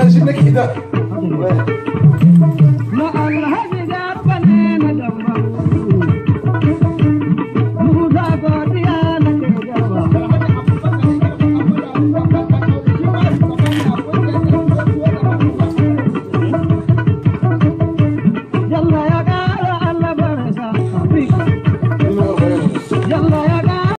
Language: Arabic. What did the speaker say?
انا جبنا لك